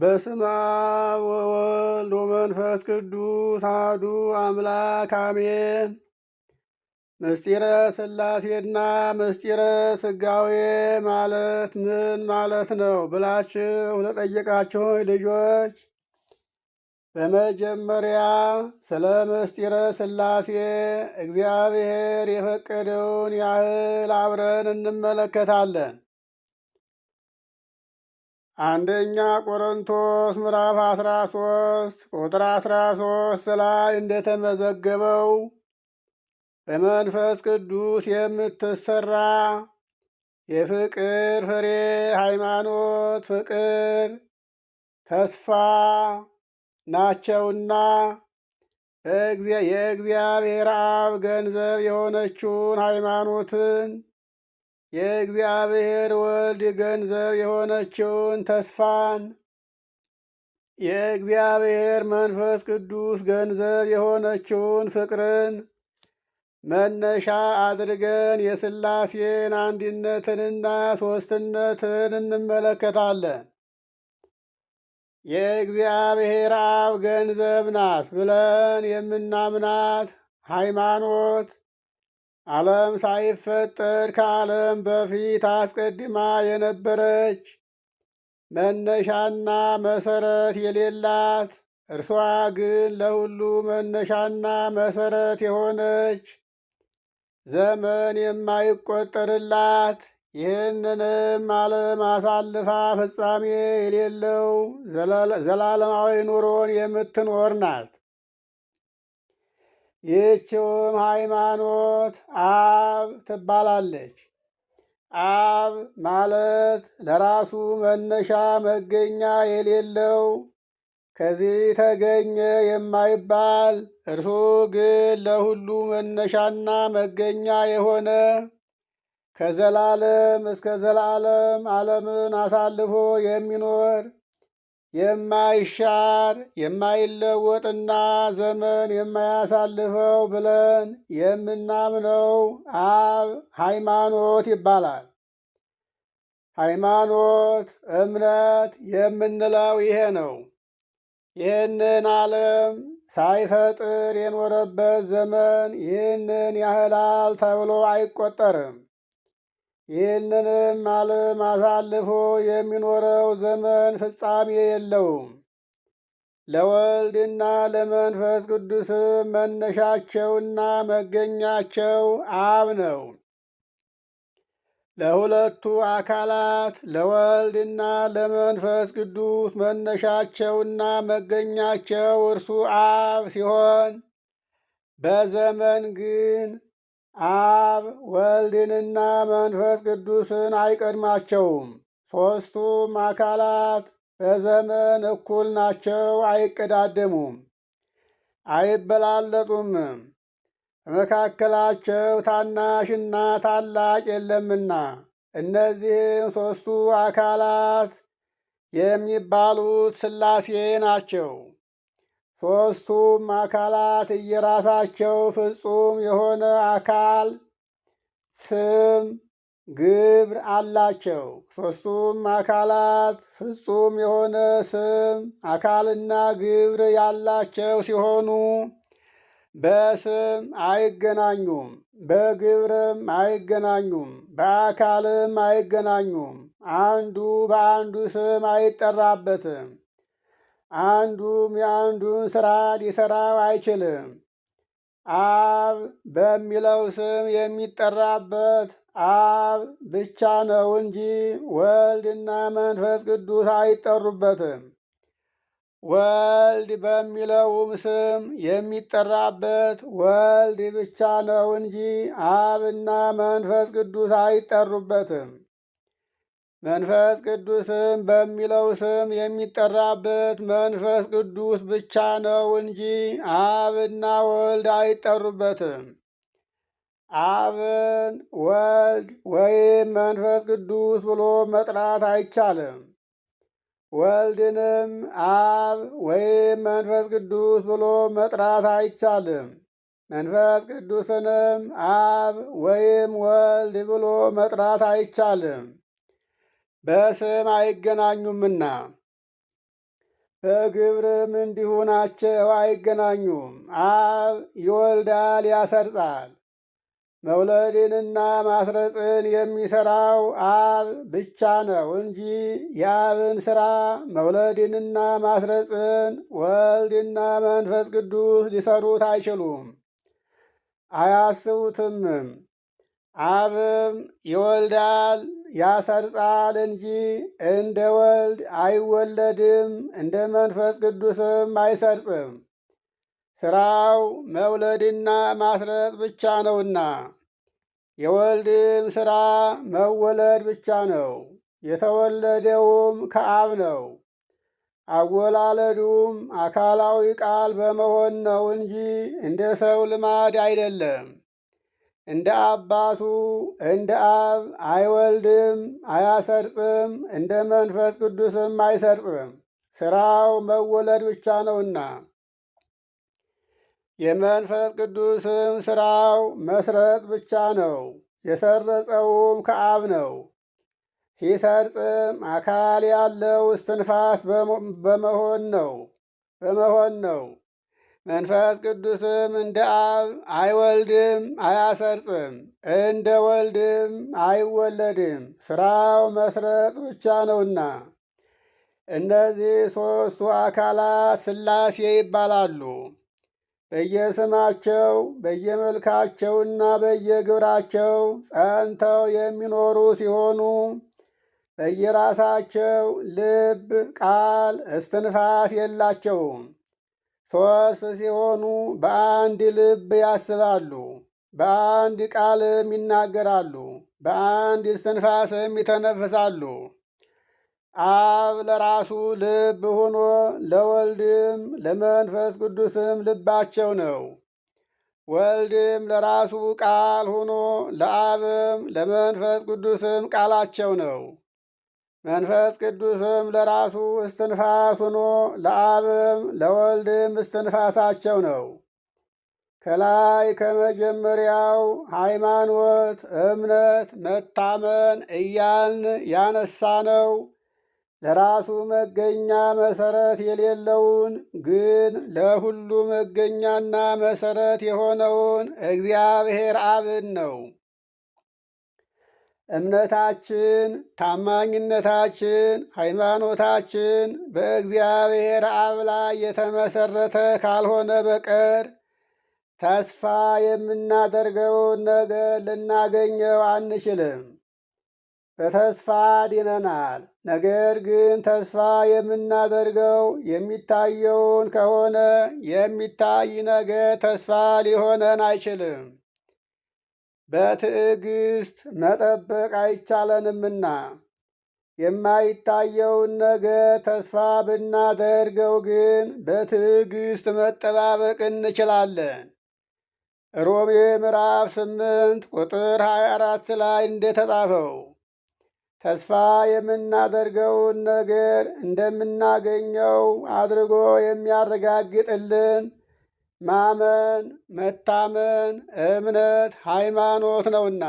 በስመ አብ ወወልድ ወመንፈስ ቅዱስ አሐዱ አምላክ አሜን። ምስጢረ ሥላሴና ምስጢረ ሥጋዌ ማለት ምን ማለት ነው ብላችሁ ለጠየቃችሁ ልጆች በመጀመሪያ ስለ ምስጢረ ሥላሴ እግዚአብሔር የፈቀደውን ያህል አብረን እንመለከታለን። አንደኛ ቆሮንቶስ ምዕራፍ 13 ቁጥር 13 ላይ እንደተመዘገበው በመንፈስ ቅዱስ የምትሰራ የፍቅር ፍሬ ሃይማኖት፣ ፍቅር፣ ተስፋ ናቸውና የእግዚአብሔር አብ ገንዘብ የሆነችውን ሃይማኖትን የእግዚአብሔር ወልድ ገንዘብ የሆነችውን ተስፋን የእግዚአብሔር መንፈስ ቅዱስ ገንዘብ የሆነችውን ፍቅርን መነሻ አድርገን የሥላሴን አንድነትንና ሦስትነትን እንመለከታለን። የእግዚአብሔር አብ ገንዘብ ናት ብለን የምናምናት ሃይማኖት ዓለም ሳይፈጠር ከዓለም በፊት አስቀድማ የነበረች መነሻና መሰረት የሌላት እርሷ ግን ለሁሉ መነሻና መሰረት የሆነች ዘመን የማይቆጠርላት ይህንንም ዓለም አሳልፋ ፍጻሜ የሌለው ዘላለማዊ ኑሮን የምትኖር ናት። ይህችውም ሃይማኖት አብ ትባላለች። አብ ማለት ለራሱ መነሻ መገኛ የሌለው ከዚህ ተገኘ የማይባል እርሱ ግን ለሁሉ መነሻና መገኛ የሆነ ከዘላለም እስከ ዘላለም ዓለምን አሳልፎ የሚኖር የማይሻር የማይለወጥና ዘመን የማያሳልፈው ብለን የምናምነው አብ ሃይማኖት ይባላል። ሃይማኖት እምነት የምንለው ይሄ ነው። ይህንን ዓለም ሳይፈጥር የኖረበት ዘመን ይህንን ያህላል ተብሎ አይቆጠርም። ይህንንም ዓለም አሳልፎ የሚኖረው ዘመን ፍጻሜ የለውም። ለወልድና ለመንፈስ ቅዱስም መነሻቸውና መገኛቸው አብ ነው። ለሁለቱ አካላት ለወልድና ለመንፈስ ቅዱስ መነሻቸውና መገኛቸው እርሱ አብ ሲሆን በዘመን ግን አብ ወልድንና መንፈስ ቅዱስን አይቀድማቸውም። ሦስቱም አካላት በዘመን እኩል ናቸው፣ አይቀዳደሙም፣ አይበላለጡም በመካከላቸው ታናሽና ታላቅ የለምና እነዚህም ሦስቱ አካላት የሚባሉት ሥላሴ ናቸው። ሦስቱም አካላት እየራሳቸው ፍጹም የሆነ አካል ስም ግብር አላቸው። ሦስቱም አካላት ፍጹም የሆነ ስም አካልና ግብር ያላቸው ሲሆኑ በስም አይገናኙም፣ በግብርም አይገናኙም፣ በአካልም አይገናኙም። አንዱ በአንዱ ስም አይጠራበትም። አንዱም የአንዱን ስራ ሊሰራው አይችልም። አብ በሚለው ስም የሚጠራበት አብ ብቻ ነው እንጂ ወልድና መንፈስ ቅዱስ አይጠሩበትም። ወልድ በሚለውም ስም የሚጠራበት ወልድ ብቻ ነው እንጂ አብና መንፈስ ቅዱስ አይጠሩበትም። መንፈስ ቅዱስም በሚለው ስም የሚጠራበት መንፈስ ቅዱስ ብቻ ነው እንጂ አብና ወልድ አይጠሩበትም። አብን ወልድ ወይም መንፈስ ቅዱስ ብሎ መጥራት አይቻልም። ወልድንም አብ ወይም መንፈስ ቅዱስ ብሎ መጥራት አይቻልም። መንፈስ ቅዱስንም አብ ወይም ወልድ ብሎ መጥራት አይቻልም። በስም አይገናኙምና በግብርም እንዲሁ ናቸው አይገናኙም። አብ ይወልዳል ያሰርጻል። መውለድንና ማስረጽን የሚሰራው አብ ብቻ ነው እንጂ የአብን ስራ መውለድንና ማስረጽን ወልድና መንፈስ ቅዱስ ሊሰሩት አይችሉም፣ አያስቡትምም። አብም ይወልዳል ያሰርጻል እንጂ እንደ ወልድ አይወለድም፣ እንደ መንፈስ ቅዱስም አይሰርጽም። ሥራው መውለድና ማስረጽ ብቻ ነውና የወልድም ሥራ መወለድ ብቻ ነው። የተወለደውም ከአብ ነው። አወላለዱም አካላዊ ቃል በመሆን ነው እንጂ እንደ ሰው ልማድ አይደለም። እንደ አባቱ እንደ አብ አይወልድም አያሰርጽም፣ እንደ መንፈስ ቅዱስም አይሰርጽም። ሥራው መወለድ ብቻ ነውና የመንፈስ ቅዱስም ሥራው መስረጽ ብቻ ነው። የሰረጸውም ከአብ ነው። ሲሰርጽም አካል ያለው እስትንፋስ በመሆን ነው በመሆን ነው። መንፈስ ቅዱስም እንደ አብ አይወልድም አያሰርጽም፣ እንደ ወልድም አይወለድም፣ ስራው መስረጽ ብቻ ነውና። እነዚህ ሦስቱ አካላት ሥላሴ ይባላሉ። በየስማቸው በየመልካቸውና በየግብራቸው ጸንተው የሚኖሩ ሲሆኑ በየራሳቸው ልብ፣ ቃል፣ እስትንፋስ የላቸውም። ሦስት ሲሆኑ በአንድ ልብ ያስባሉ፣ በአንድ ቃልም ይናገራሉ፣ በአንድ እስትንፋስም ይተነፍሳሉ። አብ ለራሱ ልብ ሆኖ ለወልድም ለመንፈስ ቅዱስም ልባቸው ነው። ወልድም ለራሱ ቃል ሆኖ ለአብም ለመንፈስ ቅዱስም ቃላቸው ነው። መንፈስ ቅዱስም ለራሱ እስትንፋስ ሆኖ ለአብም ለወልድም እስትንፋሳቸው ነው። ከላይ ከመጀመሪያው ሃይማኖት፣ እምነት፣ መታመን እያልን ነው። ለራሱ መገኛ መሰረት የሌለውን ግን ለሁሉ መገኛና መሰረት የሆነውን እግዚአብሔር አብን ነው። እምነታችን፣ ታማኝነታችን፣ ሃይማኖታችን በእግዚአብሔር አብ ላይ የተመሰረተ ካልሆነ በቀር ተስፋ የምናደርገውን ነገር ልናገኘው አንችልም። በተስፋ ድነናል። ነገር ግን ተስፋ የምናደርገው የሚታየውን ከሆነ የሚታይ ነገር ተስፋ ሊሆነን አይችልም። በትዕግስት መጠበቅ አይቻለንምና የማይታየውን ነገር ተስፋ ብናደርገው ግን በትዕግስት መጠባበቅ እንችላለን። ሮሜ ምዕራፍ ስምንት ቁጥር 24 ላይ እንደተጻፈው ተስፋ የምናደርገውን ነገር እንደምናገኘው አድርጎ የሚያረጋግጥልን ማመን መታመን እምነት ሃይማኖት ነውና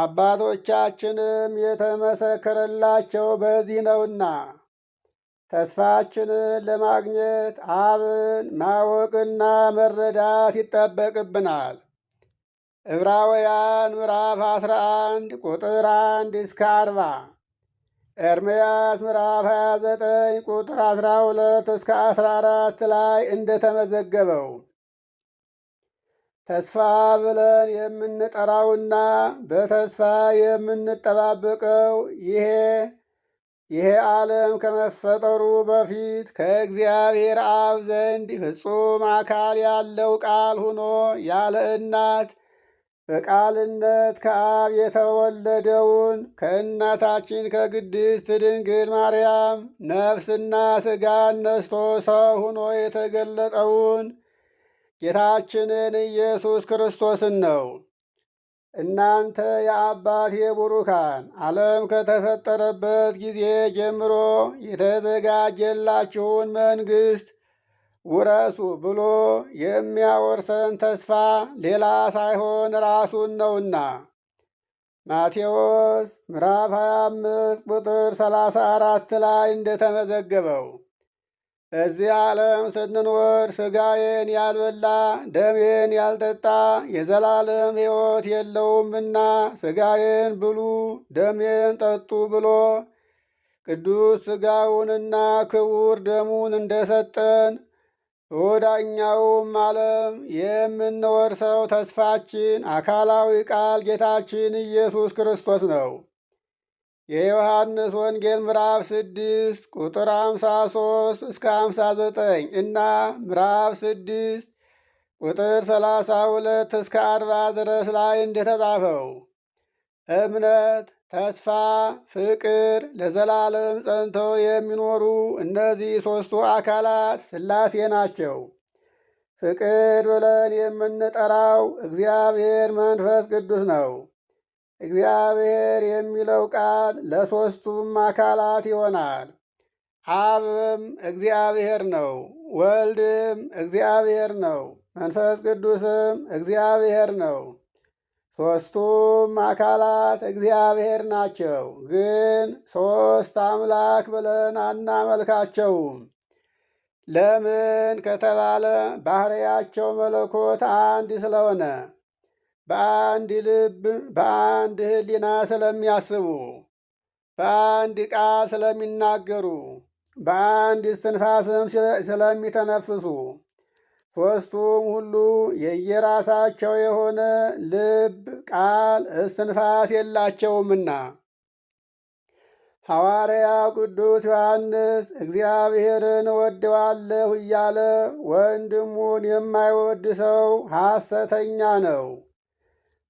አባቶቻችንም የተመሰከረላቸው በዚህ ነውና ተስፋችንን ለማግኘት አብን ማወቅና መረዳት ይጠበቅብናል። ዕብራውያን ምዕራፍ 11 ቁጥር 1 እስከ 40 ኤርምያስ ምዕራፍ 29 ቁጥር 12 እስከ 14 ላይ እንደተመዘገበው ተስፋ ብለን የምንጠራውና በተስፋ የምንጠባበቀው ይሄ ይሄ ዓለም ከመፈጠሩ በፊት ከእግዚአብሔር አብ ዘንድ ፍጹም አካል ያለው ቃል ሆኖ ያለ እናት በቃልነት ከአብ የተወለደውን ከእናታችን ከቅድስት ድንግል ማርያም ነፍስና ሥጋን ነስቶ ሰው ሆኖ የተገለጠውን ጌታችንን ኢየሱስ ክርስቶስን ነው። እናንተ የአባቴ ቡሩካን ዓለም ከተፈጠረበት ጊዜ ጀምሮ የተዘጋጀላችሁን መንግሥት ውረሱ ብሎ የሚያወርሰን ተስፋ ሌላ ሳይሆን ራሱን ነውና ማቴዎስ ምዕራፍ 25 ቁጥር 34 ላይ እንደተመዘገበው እዚህ ዓለም ስንኖር ሥጋዬን ያልበላ ደሜን ያልጠጣ የዘላለም ሕይወት የለውምና ሥጋዬን ብሉ ደሜን ጠጡ ብሎ ቅዱስ ሥጋውንና ክቡር ደሙን እንደሰጠን ወዳኛውም ዓለም የምንወርሰው ተስፋችን አካላዊ ቃል ጌታችን ኢየሱስ ክርስቶስ ነው። የዮሐንስ ወንጌል ምዕራፍ 6 ቁጥር 53 እስከ 59 እና ምዕራፍ 6 ቁጥር 32 እስከ 40 ድረስ ላይ እንደተጻፈው እምነት ተስፋ፣ ፍቅር ለዘላለም ጸንተው የሚኖሩ እነዚህ ሦስቱ አካላት ሥላሴ ናቸው። ፍቅር ብለን የምንጠራው እግዚአብሔር መንፈስ ቅዱስ ነው። እግዚአብሔር የሚለው ቃል ለሦስቱም አካላት ይሆናል። አብም እግዚአብሔር ነው፣ ወልድም እግዚአብሔር ነው፣ መንፈስ ቅዱስም እግዚአብሔር ነው። ሦስቱም አካላት እግዚአብሔር ናቸው፣ ግን ሦስት አምላክ ብለን አናመልካቸውም። ለምን ከተባለ ባህሪያቸው መለኮት አንድ ስለሆነ በአንድ ልብ በአንድ ሕሊና ስለሚያስቡ በአንድ ቃል ስለሚናገሩ በአንድ እስትንፋስም ስለሚተነፍሱ ሦስቱም ሁሉ የየራሳቸው የሆነ ልብ፣ ቃል፣ እስትንፋስ የላቸውምና። ሐዋርያው ቅዱስ ዮሐንስ እግዚአብሔርን እወደዋለሁ እያለ ወንድሙን የማይወድ ሰው ሐሰተኛ ነው።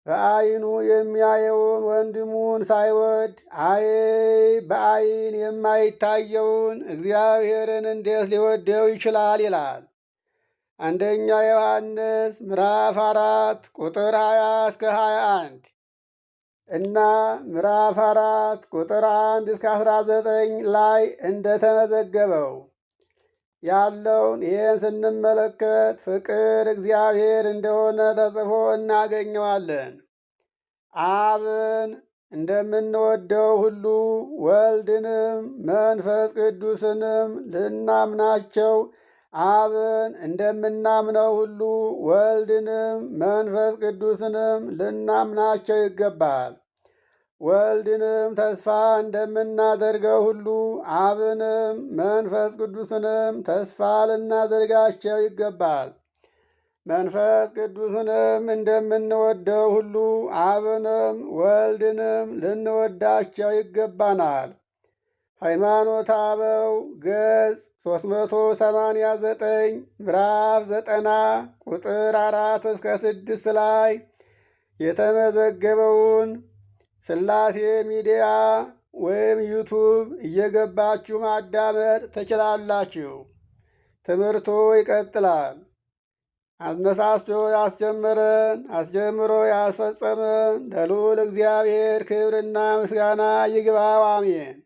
በአይኑ የሚያየውን ወንድሙን ሳይወድ አይ በአይን የማይታየውን እግዚአብሔርን እንዴት ሊወደው ይችላል? ይላል። አንደኛ ዮሐንስ ምዕራፍ አራት ቁጥር ሀያ እስከ ሀያ አንድ እና ምዕራፍ አራት ቁጥር አንድ እስከ አስራ ዘጠኝ ላይ እንደተመዘገበው ያለውን ይህን ስንመለከት ፍቅር እግዚአብሔር እንደሆነ ተጽፎ እናገኘዋለን። አብን እንደምንወደው ሁሉ ወልድንም መንፈስ ቅዱስንም ልናምናቸው አብን እንደምናምነው ሁሉ ወልድንም መንፈስ ቅዱስንም ልናምናቸው ይገባል። ወልድንም ተስፋ እንደምናደርገው ሁሉ አብንም መንፈስ ቅዱስንም ተስፋ ልናደርጋቸው ይገባል። መንፈስ ቅዱስንም እንደምንወደው ሁሉ አብንም ወልድንም ልንወዳቸው ይገባናል። ሃይማኖተ አበው ገጽ ሶስት ዘጠኝ ምዕራፍ ዘጠና ቁጥር አራት እስከ ስድስት ላይ የተመዘገበውን ስላሴ ሚዲያ ወይም ዩቱብ እየገባችሁ ማዳመጥ ትችላላችሁ። ትምህርቱ ይቀጥላል። አነሳስቶ ያስጀመረን አስጀምሮ ያስፈጸመን ለልዑል እግዚአብሔር ክብርና ምስጋና ይግባው፣ አሜን።